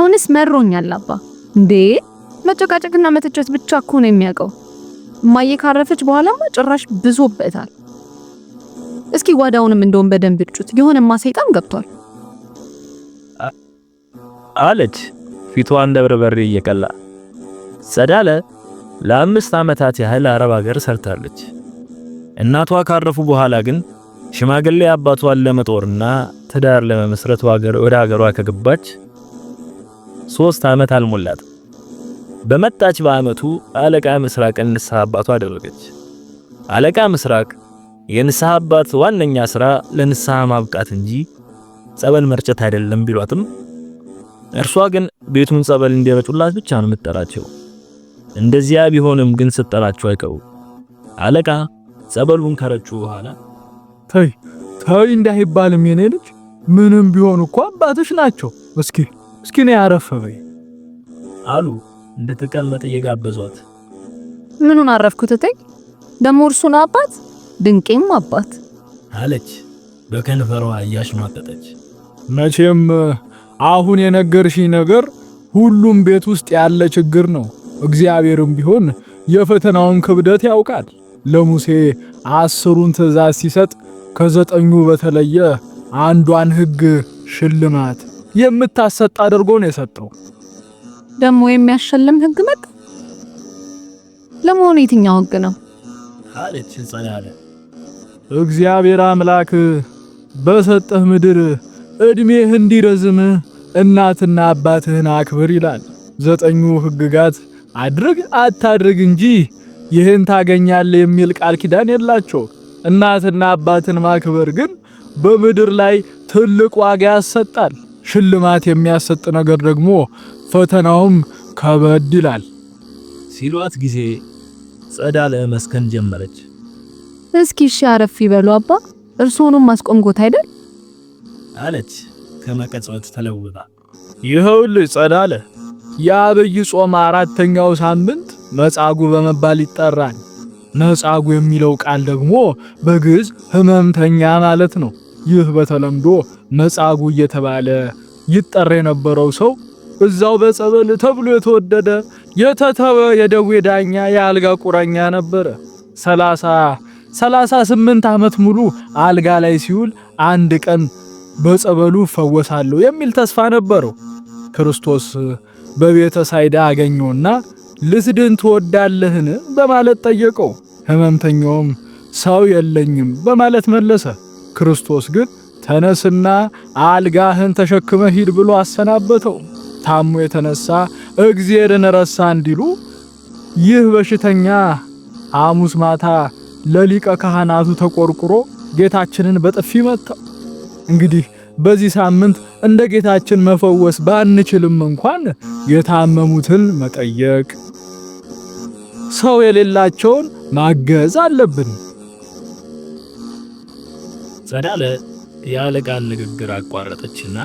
አሁንስ መሮኛል አባ። እንዴ መጨቃጨቅና መተቸት ብቻ እኮ ነው የሚያውቀው። እማዬ ካረፈች በኋላማ ጭራሽ ብሶበታል። እስኪ ጓዳውንም እንደውም በደንብ እጩት፣ የሆነማ ሰይጣን ገብቷል አለች ፊቷ እንደ በርበሬ እየቀላ። ጸዳለ ለአምስት ዓመታት ያህል አረብ ሀገር ሰርታለች። እናቷ ካረፉ በኋላ ግን ሽማግሌ አባቷን ለመጦርና ትዳር ለመመስረት ወደ ሀገሯ ከገባች ሶስት ዓመት አልሞላት። በመጣች በዓመቱ አለቃ ምስራቅን ንስሐ አባቷ አደረገች። አለቃ ምስራቅ የንስሐ አባት ዋነኛ ሥራ ለንስሐ ማብቃት እንጂ ጸበል መርጨት አይደለም ቢሏትም እርሷ ግን ቤቱን ጸበል እንዲረጩላት ብቻ ነው የምትጠራቸው። እንደዚያ ቢሆንም ግን ስትጠራቸው አይቀሩ። አለቃ ጸበሉን ከረጩ በኋላ ተይ ተይ እንዳይባልም የኔ ልጅ ምንም ቢሆን እኮ አባትሽ ናቸው። እስኪ እስኪ ነው አረፍ በይ አሉ እንደተቀመጠ እየጋበዟት። ምኑን አረፍኩት እቴ፣ ደሞ እርሱን አባት ድንቄም አባት አለች በከንፈሯ እያሽሟጠጠች። መቼም አሁን የነገርሽኝ ነገር ሁሉም ቤት ውስጥ ያለ ችግር ነው። እግዚአብሔርም ቢሆን የፈተናውን ክብደት ያውቃል። ለሙሴ አስሩን ትእዛዝ ሲሰጥ ከዘጠኙ በተለየ አንዷን ሕግ ሽልማት የምታሰጥ አድርጎ ነው የሰጠው። ደግሞ የሚያሸልም ህግ መጣ። ለመሆኑ የትኛው ህግ ነው? አለች ጸናለ። እግዚአብሔር አምላክ በሰጠህ ምድር እድሜህ እንዲረዝም እናትና አባትህን አክብር ይላል። ዘጠኙ ህግጋት አድርግ አታድርግ እንጂ ይህን ታገኛለህ የሚል ቃል ኪዳን የላቸው። እናትና አባትን ማክበር ግን በምድር ላይ ትልቅ ዋጋ ያሰጣል። ሽልማት የሚያሰጥ ነገር ደግሞ ፈተናውም ከበድ ይላል ሲሏት ጊዜ ጸዳለ መስከን ጀመረች። እስኪ እሺ አረፍ ይበሉ አባ፣ እርሶንም ማስቆምጎት አይደል አለች ከመቀጽበት ተለውጣ። ይኸውልህ ጸዳለ፣ የአብይ ጾም አራተኛው ሳምንት መጻጉ በመባል ይጠራል። መጻጉ የሚለው ቃል ደግሞ በግዕዝ ህመምተኛ ማለት ነው። ይህ በተለምዶ መጻጉ እየተባለ ይጠራ የነበረው ሰው እዛው በጸበል ተብሎ የተወደደ የተተወ የደዌ ዳኛ የአልጋ ቁራኛ ነበረ። ሰላሳ ሰላሳ ስምንት ዓመት ሙሉ አልጋ ላይ ሲውል አንድ ቀን በጸበሉ እፈወሳለሁ የሚል ተስፋ ነበረው። ክርስቶስ በቤተ ሳይዳ አገኘውና ልትድን ትወዳለህን በማለት ጠየቀው። ህመምተኛውም ሰው የለኝም በማለት መለሰ። ክርስቶስ ግን ተነስና አልጋህን ተሸክመ ሂድ ብሎ አሰናበተው። ታሞ የተነሳ እግዚአብሔርን ረሳ እንዲሉ ይህ በሽተኛ ሐሙስ ማታ ለሊቀ ካህናቱ ተቆርቁሮ ጌታችንን በጥፊ መታው። እንግዲህ በዚህ ሳምንት እንደ ጌታችን መፈወስ ባንችልም እንኳን የታመሙትን መጠየቅ፣ ሰው የሌላቸውን ማገዝ አለብን። ጸዳለ የአለቃን ንግግር አቋረጠችና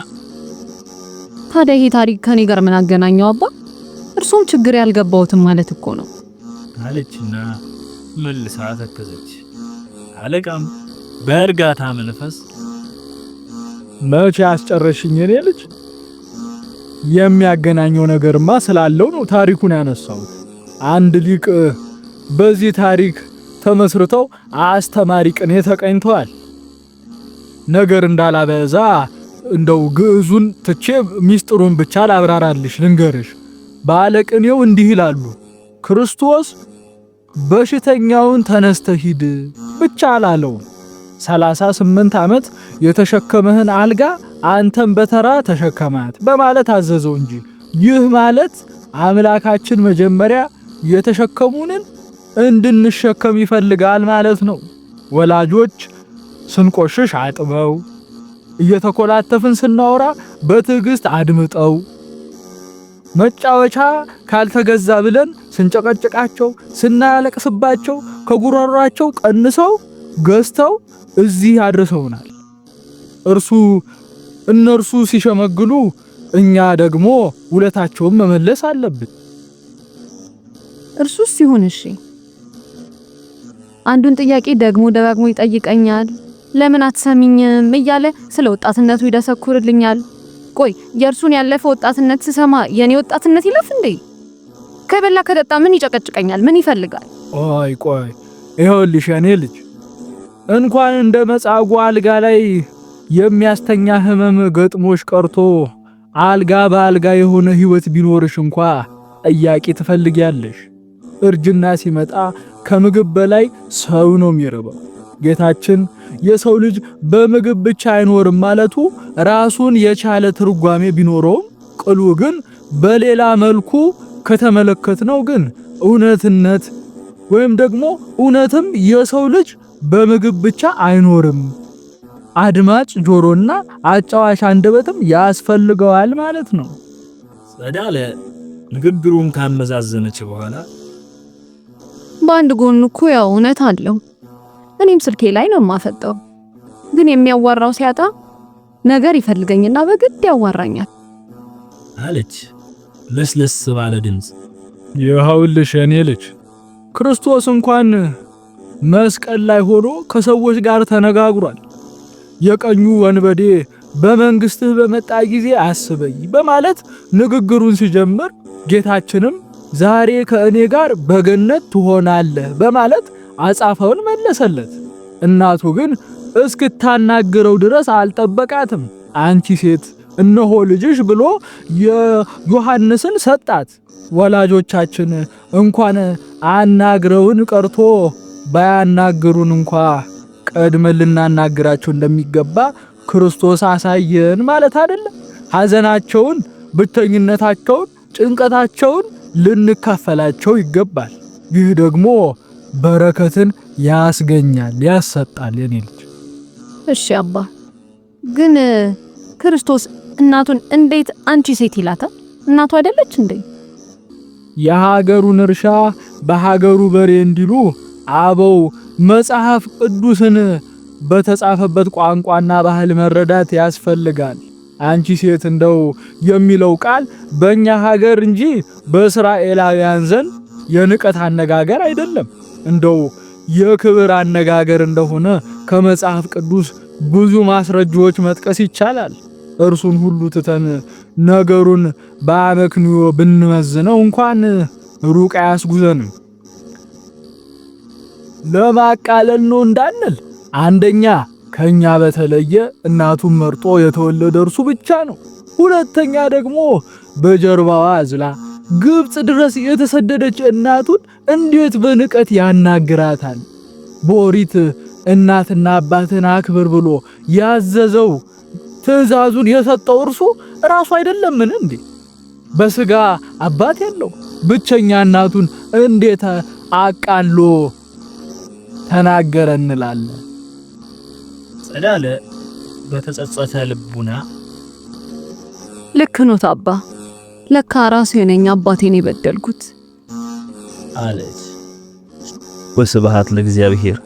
ታዲያ ይሄ ታሪክ ከኔ ጋር ምን አገናኘው አባ? እርሱም ችግር ያልገባውትም ማለት እኮ ነው አለችና መልሳ ተከዘች። አለቃም በእርጋታ መንፈስ መቼ አስጨረሽኝ እኔ ልጅ፣ የሚያገናኘው ነገርማ ስላለው ነው ታሪኩን ያነሳሁት። አንድ ሊቅ በዚህ ታሪክ ተመስርተው አስተማሪ ቅኔ ተቀኝተዋል። ነገር እንዳላበዛ እንደው ግዕዙን ትቼ ሚስጥሩን ብቻ ላብራራልሽ ልንገርሽ። ባለ እንዲህ ይላሉ ክርስቶስ በሽተኛውን ተነስተ ሂድ ብቻ አላለው። 38 ዓመት የተሸከመህን አልጋ አንተም በተራ ተሸከማት በማለት አዘዘው እንጂ ይህ ማለት አምላካችን መጀመሪያ የተሸከሙንን እንድንሸከም ይፈልጋል ማለት ነው። ወላጆች ስንቆሽሽ አጥበው፣ እየተኮላተፍን ስናወራ በትዕግስት አድምጠው፣ መጫወቻ ካልተገዛ ብለን ስንጨቀጭቃቸው፣ ስናለቅስባቸው ከጉሮሯቸው ቀንሰው ገዝተው እዚህ አድርሰውናል። እርሱ እነርሱ ሲሸመግሉ እኛ ደግሞ ውለታቸውን መመለስ አለብን። እርሱስ ሲሆን እሺ፣ አንዱን ጥያቄ ደግሞ ደጋግሞ ይጠይቀኛል። ለምን አትሰሚኝም እያለ ስለ ወጣትነቱ ይደሰኩርልኛል። ቆይ የእርሱን ያለፈ ወጣትነት ስሰማ የኔ ወጣትነት ይለፍ እንዴ? ከበላ ከጠጣ ምን ይጨቀጭቀኛል? ምን ይፈልጋል? ቆይ ቆይ ይኸውልሽ የኔ ልጅ እንኳን እንደ መጻጉ አልጋ ላይ የሚያስተኛ ህመም ገጥሞሽ ቀርቶ አልጋ በአልጋ የሆነ ህይወት ቢኖርሽ እንኳ ጥያቄ ትፈልጊያለሽ። እርጅና ሲመጣ ከምግብ በላይ ሰው ነው የሚርበው። ጌታችን የሰው ልጅ በምግብ ብቻ አይኖርም ማለቱ ራሱን የቻለ ትርጓሜ ቢኖረውም ቅሉ ግን በሌላ መልኩ ከተመለከትነው ግን እውነትነት ወይም ደግሞ እውነትም የሰው ልጅ በምግብ ብቻ አይኖርም፣ አድማጭ ጆሮና አጫዋሽ አንደበትም ያስፈልገዋል ማለት ነው። ጸዳለ ንግግሩን ካመዛዘነች በኋላ በአንድ ጎን እኮ ያው እውነት አለው። እኔም ስልኬ ላይ ነው የማፈጠው። ግን የሚያዋራው ሲያጣ ነገር ይፈልገኝና በግድ ያዋራኛል አለች ለስለስ ባለ ድምፅ። ይኸውልሽ የኔ ልጅ ክርስቶስ እንኳን መስቀል ላይ ሆኖ ከሰዎች ጋር ተነጋግሯል። የቀኙ ወንበዴ በመንግሥትህ በመጣ ጊዜ አስበኝ በማለት ንግግሩን ሲጀምር ጌታችንም ዛሬ ከእኔ ጋር በገነት ትሆናለህ በማለት አጻፈውን መለሰለት። እናቱ ግን እስክታናግረው ድረስ አልጠበቃትም። አንቺ ሴት እነሆ ልጅሽ ብሎ የዮሐንስን ሰጣት። ወላጆቻችን እንኳን አናግረውን ቀርቶ ባያናግሩን እንኳ ቀድመን ልናናግራቸው እንደሚገባ ክርስቶስ አሳየን ማለት አይደለም። ሐዘናቸውን፣ ብቸኝነታቸውን፣ ጭንቀታቸውን ልንካፈላቸው ይገባል። ይህ ደግሞ በረከትን ያስገኛል፣ ያሰጣል። የኔ ልጅ እሺ አባ። ግን ክርስቶስ እናቱን እንዴት አንቺ ሴት ይላታል? እናቱ አይደለች እንዴ? የሀገሩን እርሻ በሀገሩ በሬ እንዲሉ አበው መጽሐፍ ቅዱስን በተጻፈበት ቋንቋና ባህል መረዳት ያስፈልጋል። አንቺ ሴት እንደው የሚለው ቃል በእኛ ሀገር እንጂ በእስራኤላውያን ዘንድ የንቀት አነጋገር አይደለም። እንደው የክብር አነጋገር እንደሆነ ከመጽሐፍ ቅዱስ ብዙ ማስረጃዎች መጥቀስ ይቻላል። እርሱን ሁሉ ትተን ነገሩን በአመክንዮ ብንመዝነው እንኳን ሩቅ አያስጉዘንም። ለማቃለል ነው እንዳንል አንደኛ ከኛ በተለየ እናቱን መርጦ የተወለደ እርሱ ብቻ ነው። ሁለተኛ ደግሞ በጀርባዋ አዝላ ግብፅ ድረስ የተሰደደች እናቱን እንዴት በንቀት ያናግራታል? በኦሪት እናትና አባትን አክብር ብሎ ያዘዘው ትእዛዙን የሰጠው እርሱ ራሱ አይደለምን እንዴ? በስጋ አባት ያለው ብቸኛ እናቱን እንዴት አቃሎ ተናገረ እንላለን። ጸዳለ በተጸጸተ ልቡና ልክ ኖት አባ ለካ ራሴ ነኝ አባቴን የበደልኩት አለች በስብሐት ለእግዚአብሔር።